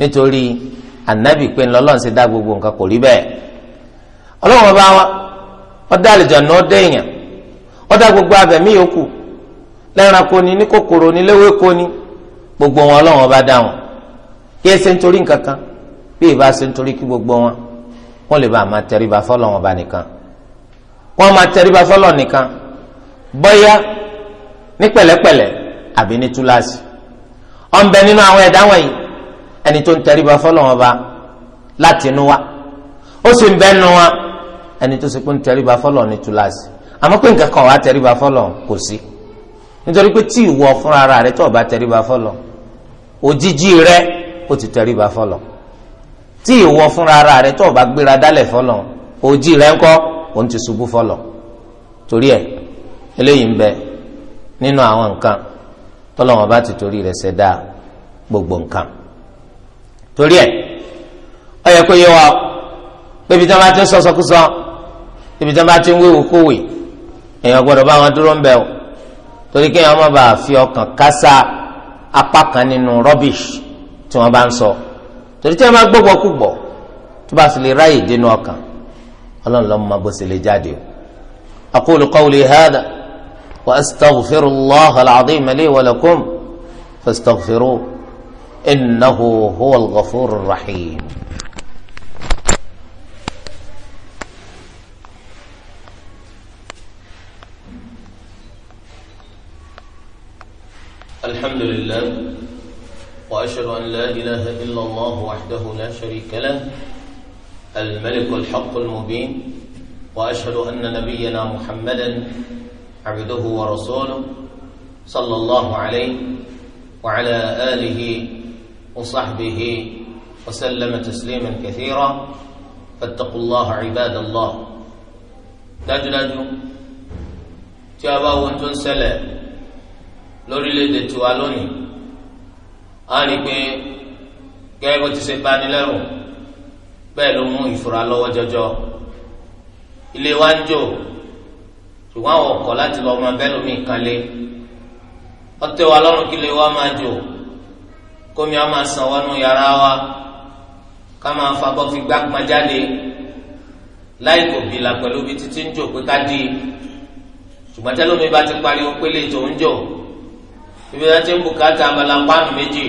nítorí anabi pé ńlọ́lọ́n ṣe dá gbogbo nǹkan kò rí bẹ́ẹ̀ ọlọ́wọ́n bá dá gbogbo abẹ̀mí yòókù ni ní kòkòrò ni léwéko gbogbo wọn ọlọ́wọ́n bá kí ẹsẹ̀ nítorí nǹkan kan bí ìbá ṣe nítorí kí gbogbo wọn wọn lè bá máa tẹríba fọlọ́ wọn bá nìkan wọn máa tẹríba fọlọ́ nìkan bọ́yá ní pẹ̀lẹ́pẹ̀lẹ́ àbí ní túláàsì ọ̀nbẹ nínú àwọn ẹ̀dá wọ̀nyí ẹni tó ń tẹríba fọlọ́ wọn bá láti inú wa ó sì ń bẹ́ nu wa ẹni tó sì pé ń tẹríba fọlọ́ ní túláàsì àmọ́ pé nǹkan kan wà á tẹríba fọlọ́ kò sí nítorí pé tí ìwọ fúnra rẹ tó o bá tẹríba fọlọ́ òjijì rẹ ó ti ba fọlọ tí ìwọ fúnra ara rẹ tó o bá gbéra dálẹ̀ fọlọ òjì rẹ ńkọ́ òun ti ṣubú fọlọ torí ẹ eléyìí ń bẹ nínú àwọn nǹkan tọ́lọ́wọ́n bá ti torí rẹ̀ ṣẹ̀dá gbogbo nǹkan torí ẹ̀ ó yẹ kó yé wa pé ibi tí wọ́n bá ti ń sọ́sọ́kúsọ́ ibi tí wọ́n bá ti ń wéwu èèyàn gbọ́dọ̀ bá wọn dúró ń bẹ̀ o torí kéèyàn má bàa fi ọkàn kásá apá kan nínú rubbish tí wọ́n bá ń sọ torí tí wọ́n bá gbọ́gbọ́ kú gbọ́ tó bá sì lè ráyè dénú ọkàn ọlọ́run lọ́mọ bó sì lè jáde o. aqulu qawli hadha wa astaghfirullah al-azim li wa lakum fastaghfiruhu innahu huwal ghafurur rahim. الحمد لله وأشهد أن لا إله إلا الله وحده لا شريك له الملك الحق المبين وأشهد أن نبينا محمدا عبده ورسوله صلى الله عليه وعلى آله وصحبه وسلم تسليما كثيرا فاتقوا الله عباد الله dájúdájú تابا وانتون bá لوري tó á rí i pé gẹ́gẹ́ bó ti ṣe bá ní lẹ́rù bẹ́ẹ̀ ló mú ìfura lọ́wọ́ jọjọ ilé wa ń jò ṣùgbọ́n àwọn ọkọ̀ láti lọ́ọ́ máa bẹ́ẹ̀ lómi kan lé ọtẹ wa lọ́rùn kí ilé wa máa jò kómi a máa sàn wọnú yàrá wa ká máa fabọ́ fi gbá pọn jáde láì kò bí la pẹ̀lú bí títí ń jò pé ká di ṣùgbọ́n tẹ́lómi bá ti pariwo pélé tó ń jò ibi wọn ti ń bùkátà amalankwanu méjì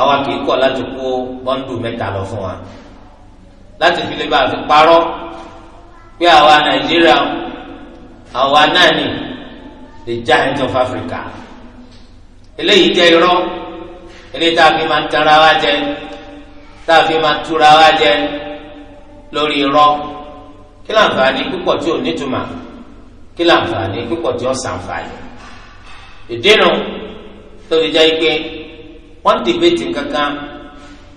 àwa kì í kọ̀ láti kó bọ́ńdù mẹ́ta lọ fún wa láti fi lè bá a fi parọ́ pé àwa Nàìjíríà àwa náà ni the giant of Africa eléyìí jẹ́ irọ́ eléyìí tá a fi máa ń tanra wa jẹ tá a fi máa ń túra wa jẹ lórí irọ́ kí láǹfààní púpọ̀ tí ò nítumọ̀ kí láǹfààní púpọ̀ tí ó sàǹfààní ìdínú tó fi jẹ́ pé wọ́n dìbẹ́tì kankan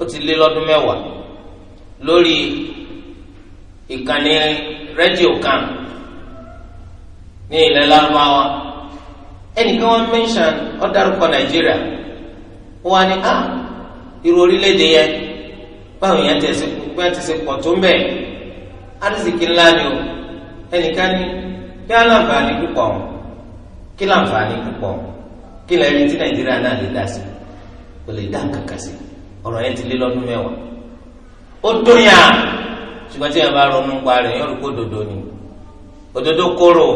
ó ti lé lọ́dún mẹ́wàá lórí ìkànnì rédíò kan ní ilẹ̀ lárúbáwá ẹnìkan wọn mẹ́ńsàn ó dárúkọ nàìjíríà ó wá ní a irú orílẹ̀-èdè yẹn báwo yẹn tẹ̀sí pé wọ́n ti ṣe pọ̀ tó ń bẹ̀ adìsíkì ńlá ni o ẹnìkan ní bí aláǹfààní púpọ̀ ọ̀hún kí láǹfààní púpọ̀ kí lẹ́yìn tí nàìjíríà náà lè dá sí kò lè dá nǹkan kan sí ọ̀rọ̀ yẹn ti lé lọ́dún mẹ́wàá ó dóyà ṣùgbọ́n tí yẹn bá ronú pa rẹ̀ yẹn rúkó òdodo ni òdodo kóró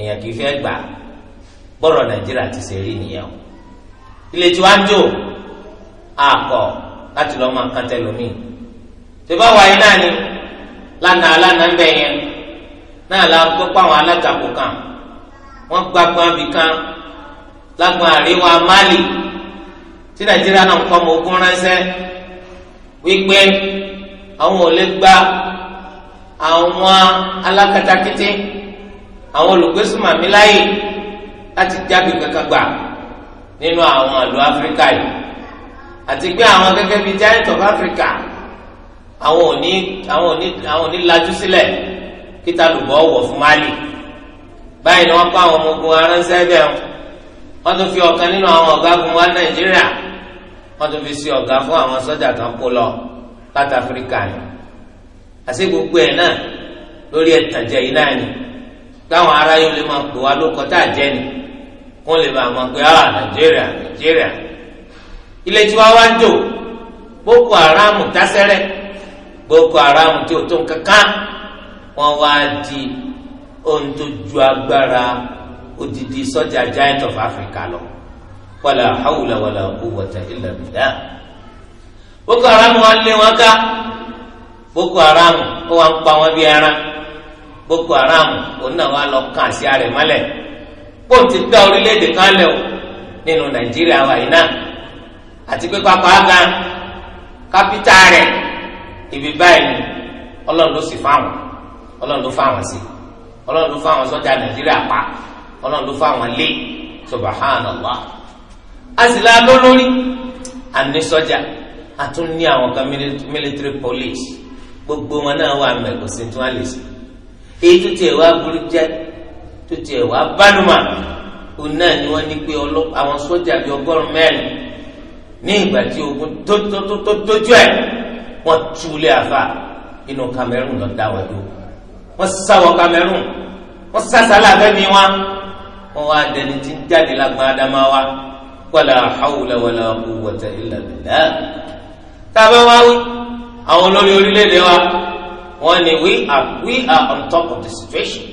èèyàn kì í fẹ́ gbà bọ́rọ̀ nàìjíríà ti ṣe rí nìyẹn o ilé tí wàá jò àkọ́ láti lọ́ọ́ máa kán tẹlómi tẹ́fà wáyé náà ni lánàá lánàá ń bẹ̀ yẹn náà la pàwọn alátakò kan wọ́n gbàgbọ́n abìkan lágbọ́n àríwá Mali tí Nàìjíríà náà ń kọ́ ọmọ ogun ránṣẹ́ wípé àwọn ò lè gba àwọn alákatakítí àwọn olùgbésùmàmí láyè láti jábì kankan gbà nínú àwọn àlọ́ Áfíríkà yìí àti pé àwọn gẹ́gẹ́ bíi giant of Africa àwọn ò ní àwọn ò ní àwọn ò ní lajú sílẹ̀ kí ta lùbọ̀ fún Mali. báyìí ni wọ́n kó àwọn ọmọ ogun aránṣẹ́ bẹ́ẹ̀ tún fi ọkan nínú àwọn wa nàìjíríà tún fi si fún àwọn sọjà kan lọ láti áfíríkà àti gbogbo náà lórí yìí náà ni táwọn lè máa pè wá a ni kún lè máa ah, nàìjíríà nàìjíríà ilé tí wàá wá ń boko haram tásẹ́rẹ́ boko haram tí ohun tó ju agbára odidi ṣọ́jà giant of Africa lọ wàlà hawla wàlà quwwata illa billah Boko Haram wà lé wọn ká Boko Haram ó wà ń pa wọn bí ẹran Boko Haram òun náà wà lọ kàn sí àrẹ mọ́lẹ̀ kó o ti dá orílẹ̀-èdè kan lẹ̀ o nínú Nàìjíríà wa náà àti pé pápá gan kápítà rẹ̀ ibi báyìí ọlọ́run ló sì fáwọn ọlọ́run ló fáwọn sí i ọlọ́run ló fáwọn sọ́jà nàìjíríà pa ọlọ́run ló fáwọn lé subhanallah àsìlá lólórí àní sọ́jà àtún ní àwọn kan military police gbogbo wọn náà wà mẹ́kọ̀ọ́ sí tí wọ́n lè sè èyí tó tiẹ̀ wá burú jẹ́ tó tiẹ̀ wá bánumà òun náà ni wọ́n ní pé àwọn sọ́jà bíi ọgọ́rùn-ún mẹ́rin ní ìgbà tí ogun tó tó tó tó tójú ẹ̀ wọ́n túlé àfa inú Cameroon lọ dá wọ́n sá wọ Cameroon wọ́n sá sálà fẹ́mi wa wọ́n wá dẹni tí ń jáde lágbọ́n Adamawa wàlà hawla wàlà quwwata illa billah tábà wá wí àwọn olórí orílẹ̀-èdè wa wọ́n ní we are we are on top of the situation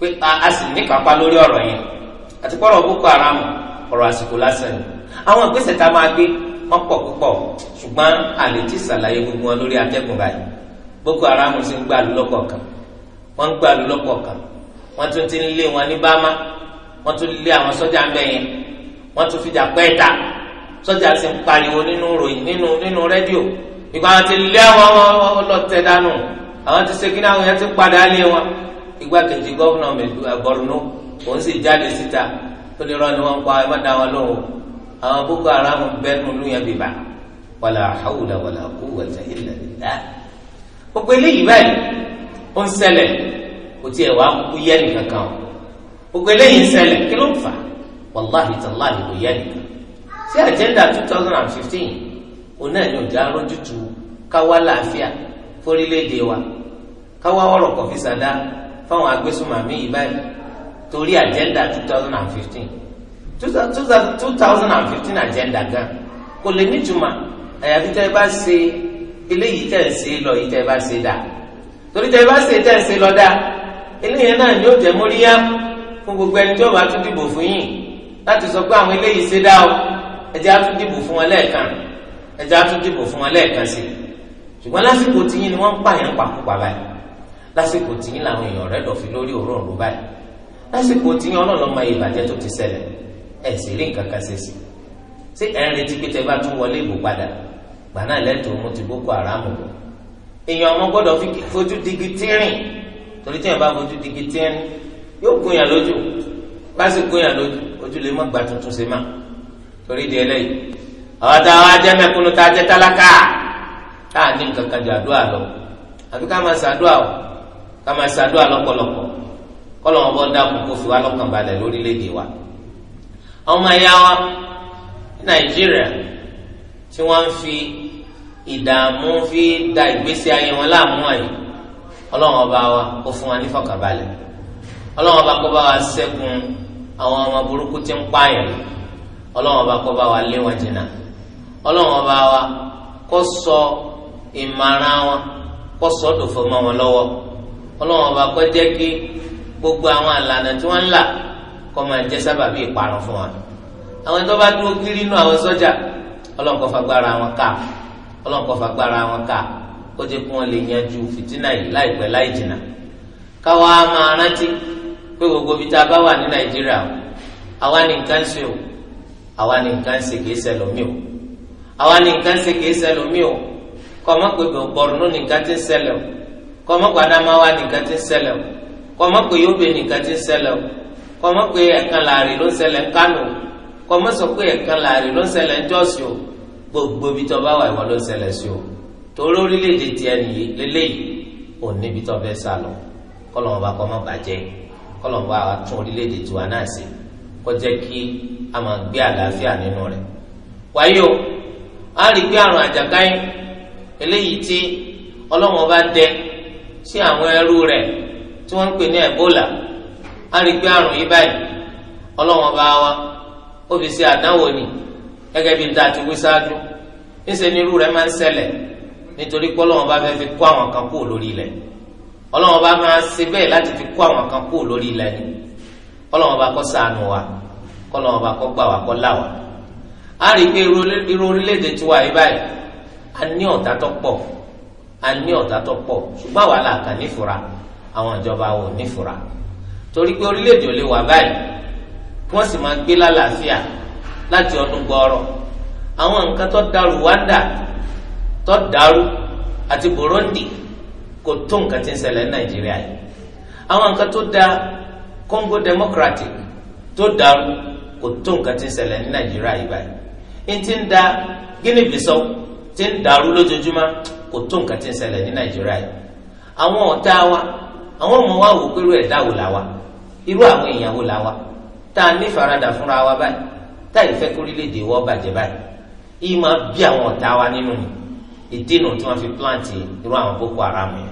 pé a sì ní kápá lórí ọ̀rọ̀ yẹn àti pọ̀rọ̀ Boko Haram ọ̀rọ̀ àsìkò lásán ni àwọn ìgbésẹ̀ tá a máa gbé wọ́n pọ̀ púpọ̀ ṣùgbọ́n àlè tí ìsàlàyé gbogbo wọn lórí atẹ́gùn báyìí Boko Haram sì ń gbà lọ́kọ̀ọ̀kan wọ́n ń gbà lù lọ́kọ̀ọ̀kan wọ́n tún ti ń lé wọn ní bámá wọ́n tún lé àwọn sọ́jà ń bẹ̀ yẹn wọ́n tún fìjà pẹ́ ta sì ń pariwo nínú ròyìn nínú nínú rédíò ìgbà wọn ti lé àwọn ọlọ́tẹ̀ dànù àwọn ti ṣe kí náà wọ́n ti padà lé wọn igbákejì gọ́vnà Borno òun sì jáde síta ó lè rán ni wọ́n pa ẹ wọn lóhùn àwọn Boko Haram bẹ́ẹ̀nu lóyún bíbá wàlà hawla wàlà quwwata illa billah gbogbo eléyìí báyìí ó ń ṣẹlẹ̀ kò tiẹ̀ wá kú yẹ́nì o gbogbo eléyìí ń ṣẹlẹ̀ kí ló ń fà wàláhì tàláhì kò yẹ́nì kan sí àjẹ́ndà two thousand and fifteen òun náà ni káwá láàfíà fórílẹ̀ wa káwá ọ̀rọ̀ kọ̀fí sàdá fáwọn agbésùnmàmí yìí báyìí torí àjẹ́ndà two thousand and fifteen two thousand and fifteen àjẹ́ndà gan kò lè níjùmọ̀ àyàfi tẹ́ ẹ bá ṣe eléyìí tẹ́ lọ yìí tẹ́ ẹ torí tẹ bá ṣe tẹ ṣe lọ́dà eléyìí náà yóò jẹ móríyá fún gbogbo ẹni tí ó bá tún dìbò fún yìí láti sọ pé àwọn eléyìí ṣe dá o ẹjẹ á tún dìbò fún wọn lẹ́ẹ̀kan ẹjẹ á tún dìbò fún wọn lẹ́ẹ̀kan sí ṣùgbọ́n lásìkò tìyín ni wọ́n ń pààyàn pàkópa báyìí lásìkò tìyín làwọn èèyàn rẹ̀ dọ̀fi lórí òróǹro báyìí lásìkò tìyín ọlọ́lọ́mọ ìbàjẹ́ tó ti ṣẹlẹ̀ ẹ̀ sì rí nǹkan kan ṣe sí ṣé ẹ̀ ń retí pé tẹ bá tún wọlé ìbò padà gbà lẹ́tọ̀ọ́ mo ti Boko Haram bọ̀ èèyàn ọmọ gbọ́dọ̀ fojú digi tírìn torí tí èèyàn bá fojú digi tírìn yóò gún yàn lójú bá sì gún yàn lójú ojú lè má gbà tuntun sí ma torí di eléyìí àwọn táwọn ajẹ́ mẹ́kúnnú tá a jẹ́ tálákà tá a ní nǹkan kan jù àdúrà lọ àbí ká máa ṣàdúrà o ká máa ṣàdúrà lọ́pọ̀lọpọ̀ kọ́lọ̀ wọn bọ́ dákun kó fi wá lọ́kàn balẹ̀ lórílẹ̀‐èdè wa ọmọ ẹ̀yà wa ní Nàìjíríà tí wọ́n ń fi ìdààmú fi da ìgbésí ayé wọn láàmú àyè ọlọ́run ọba wa kó fún wa ní fọkànbalẹ̀ ọlọ́run ọba kó bá wa àwọn ọmọ burúkú ń pààyàn ọlọ́run ọba wa lé wọn jìnnà ọlọ́run ọba wa sọ ìmọ̀ràn wọn kó sọ dòfò mọ́ wọn lọ́wọ́ gbogbo àwọn àlànà tí wọ́n ń là kó máa jẹ́ ìparun fún wa àwọn bá dúró kiri inú ọlọ́run kó fagbára wọn ká ó jẹ́ kí wọ́n yanjú fìtínà yìí láìpẹ́ láì jìnnà káwa máa rántí pé gbogbo ibi tá a bá ni nǹkan ṣe o àwa ni nǹkan ṣe kìí ṣe lómi o àwa ni nǹkan ṣe kìí ṣe lómi o kọ́ ọmọ pé ní nǹkan ti ń ṣẹlẹ̀ o kọ́ ọmọ pé gbogbo ibi tó bá wà ìwọ ló ń ṣẹlẹ̀ sí o torí orílẹ̀-èdè tiẹ̀ nìyí lélẹ́yìí ò níbi tó fẹ́ sá lọ kọ́lọ́mù bá kọ́ mọ́ bàjẹ́ kọ́lọ́mù bá wa tún orílẹ̀-èdè tiwa náà sí kó jẹ́ kí a máa gbé àlàáfíà nínú rẹ̀ wáyé o a rí pé àrùn àjàkáyé eléyìí tí ọlọ́mọ bá dẹ sí àwọn ẹrú rẹ̀ tí wọ́n ń pè ní Ebola a rí pé àrùn yìí báyìí ọlọ́mọ bá wa ó fi ṣe àdánwò ni gẹ́gẹ́ bí n ta ti wí sáájú ńṣe ni irú rẹ̀ máa ń ṣẹlẹ̀ nítorí pé ọlọ́wọ́n bá fẹ́ fi kó àwọn kan kúrò lórí ilẹ̀ ọlọ́wọ́n bá máa ṣe bẹ́ẹ̀ láti fi kó àwọn kan kúrò lórí ilẹ̀ ni ọlọ́wọ́n bá kó ṣàánú wa kọ́lọ́wọ́n bá kó gbà wá kó là wá. a rí i pé irú orílẹ̀-èdè tiwa yìí báyìí a ní ọ̀tá tó pọ̀ a ní ọ̀tá tó pọ̀ ṣùgbọ́n àwa là kàn nífura àwọn ìjọba wò nífura torí pé orílẹ̀-èdè ò láti ọdún gbọọrọ àwọn nǹkan tó da Rwanda tó dàrú àti Burundi kò tó nǹkan tí ń ṣẹlẹ̀ ní Nàìjíríà yìí àwọn da Congo Democratic tó dàrú kò tó nǹkan tí ń ṣẹlẹ̀ ní Nàìjíríà yìí báyìí da Guinea Bissau ti ń dàrú lójoojúmọ́ kò tó nǹkan tí ń ṣẹlẹ̀ ní Nàìjíríà yìí àwọn ọ̀tá wa àwọn ọmọ wa wò pé irú ẹ̀dá wò táyì fẹ́ kórílẹ̀-èdè wọ́ bàjẹ́ báyìí yìí máa bí àwọn ọ̀tá wa nínú ni ìdènà tí wọ́n fi plant irú àwọn boko haram yẹn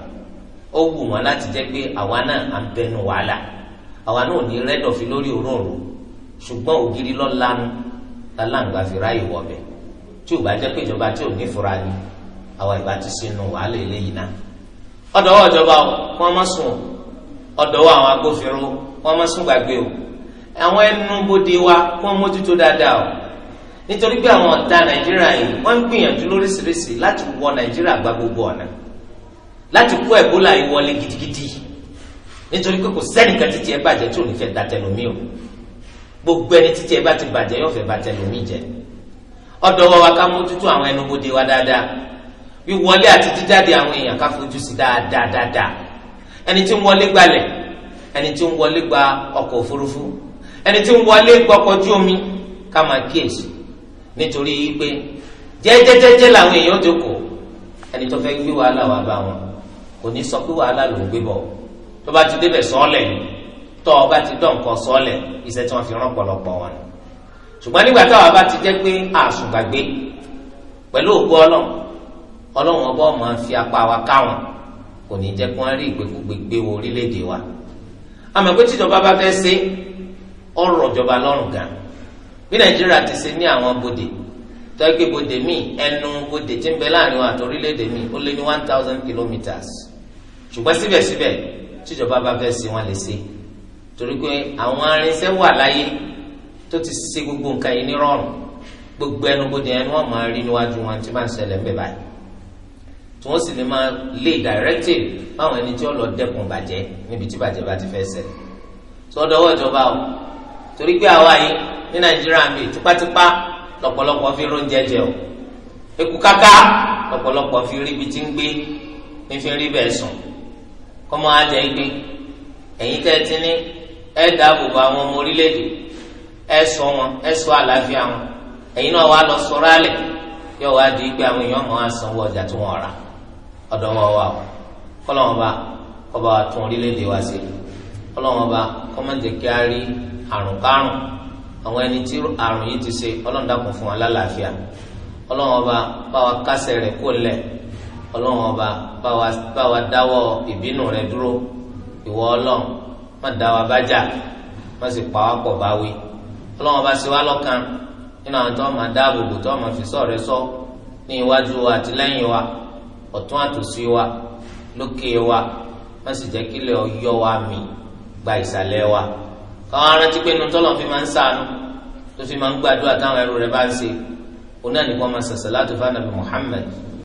ó wù wọ́n láti jẹ́ pé àwa náà à ń bẹnu wàhálà àwa náà ò ní rẹ́dọ̀fi lórí òróǹro ṣùgbọ́n ògiri lọ́lanu lálàǹgbà fi ráàyè wọ̀bẹ̀ tí ò bá jẹ́ pé ìjọba tí ò ní fura ni àwa ìbá ti sínú wàhálà eléyìí náà ọ̀dọ̀wọ́ ìjọba wọn má sùn ọ̀dọ̀wọ́ àwọn agbófinró wọn má sùn gbàgbé o àwọn ẹnubodè wa kó mójútó dáadáa o nítorí pé àwọn ọ̀tá nàìjíríà yìí wọ́n ń gbìyànjú lóríṣiríṣi láti wọ nàìjíríà gba gbogbo ọ̀nà láti kó ẹ̀bólà gidigidi nítorí pé kò sẹ́nìkan títí ẹ bàjẹ́ tí gbogbo ẹni títí ẹ bá ti bàjẹ́ yóò fẹ́ wa wa ká mójútó àwọn ẹnubodè wa dáadáa àti àwọn èèyàn ká fojú sí dáadáa dáadáa ẹni tí ń wọlé ẹni tí ń wọlé gbọ́kọ̀ ojú omi ká máa kíyèsí nítorí pé jẹ́jẹ́jẹ́jẹ́ làwọn èèyàn jókòó ẹni tó fẹ́ gbé wàhálà wà bá wọn kò ní sọ pé wàhálà ló ń gbé bọ̀ tó bá ti débẹ̀ sọ́ọ̀lẹ̀ tó o bá ti dán nǹkan sọ́ọ̀lẹ̀ iṣẹ́ tí wọ́n fi rán pọ̀lọpọ̀ wọn ṣùgbọ́n nígbà táwa bá ti jẹ́ pé àṣùgbàgbé pẹ̀lú òkú ọlọ́run ọlọ́run ọba ọmọ fi apá wa káwọn kò ní jẹ́ kí wọ́n rí ìgbékúgbé gbé wo orílẹ̀-èdè wa àmọ́ pé tíjọba bá fẹ́ ṣe é ọ̀rọ̀ ìjọba lọ́rùn gan bí nàìjíríà ti ṣe ní àwọn bodè tọ́gbé bodè míì ẹnu bodè tí ń bẹ láàrin àti orílẹ̀-èdè míì ó lé ní one thousand kilometres ṣùgbọ́n síbẹ̀síbẹ̀ tíjọba bá fẹ́ ṣe wọn lè ṣe torí pé àwọn arinṣẹ́ wà láyé tó ti ṣe gbogbo nǹkan yìí ní rọrùn gbogbo ẹnu bodè ẹnu wọn máa rí níwájú wọn tí máa ń ṣẹlẹ̀ ń bẹ báyìí tí wọ́n sì lè máa lé directive fáwọn ẹni tí ó lọ dẹ́kun bàjẹ́ níbi tí bàjẹ́ bá ti fẹ́ ṣẹlẹ̀ sọ́dọ̀ ọwọ́ ìjọba o torí pé àwa yìí ní nàìjíríà ń bì tipátipá lọ́pọ̀lọpọ̀ fi rún jẹjẹ o eku kaka lọ́pọ̀lọpọ̀ fi rí ibi tí ń gbé nífi rí bẹ́ẹ̀ sùn kọ́mọ ajẹ́ igbe ẹ̀yin tẹ́ ẹ ti ní ẹ dáàbò bo àwọn ọmọ orílẹ̀-èdè ẹ ṣọ́ wọn ẹ ṣọ́ àlàáfíà wọn ẹ̀yin náà wàá lọ sọ̀rọ̀ alẹ̀ yóò wá di igbe àwọn èèyàn máa sanwó ọjà tí wọ́n rà ọ̀dọ̀ wọn wà o kọ́lọ́wọ́n bá kọ́ bá wa tún orílẹ̀-èdè wa ṣe kọ́lọ́wọ́n bá kọ́ má jẹ́ kí á rí àrùn kárùn àwọn ẹni tí àrùn yìí ti ṣe ọlọ́run fún alálàáfíà ọlọ́wọ́n ọba bá wa kásẹ̀ rẹ̀ kó lẹ̀ ọba bá wa dáwọ́ ìbínú rẹ̀ dúró ìwọ ọlọ́run má dá wa jà pa wá pọ̀ ṣe wá lọ́kàn nínú àwọn tó dáàbò bò tó wa àti lẹ́yìn wa ọ̀tún wa lókè wa má wa mì gba ìsàlẹ̀ káwọn arántí pé nùtọ́lọ̀ fi máa ń sàánú tó fi máa ń gbàdúrà táwọn ẹrú rẹ̀ bá ń ṣe onáà nìkan máa ṣe salatu fún Ànábì Muhammad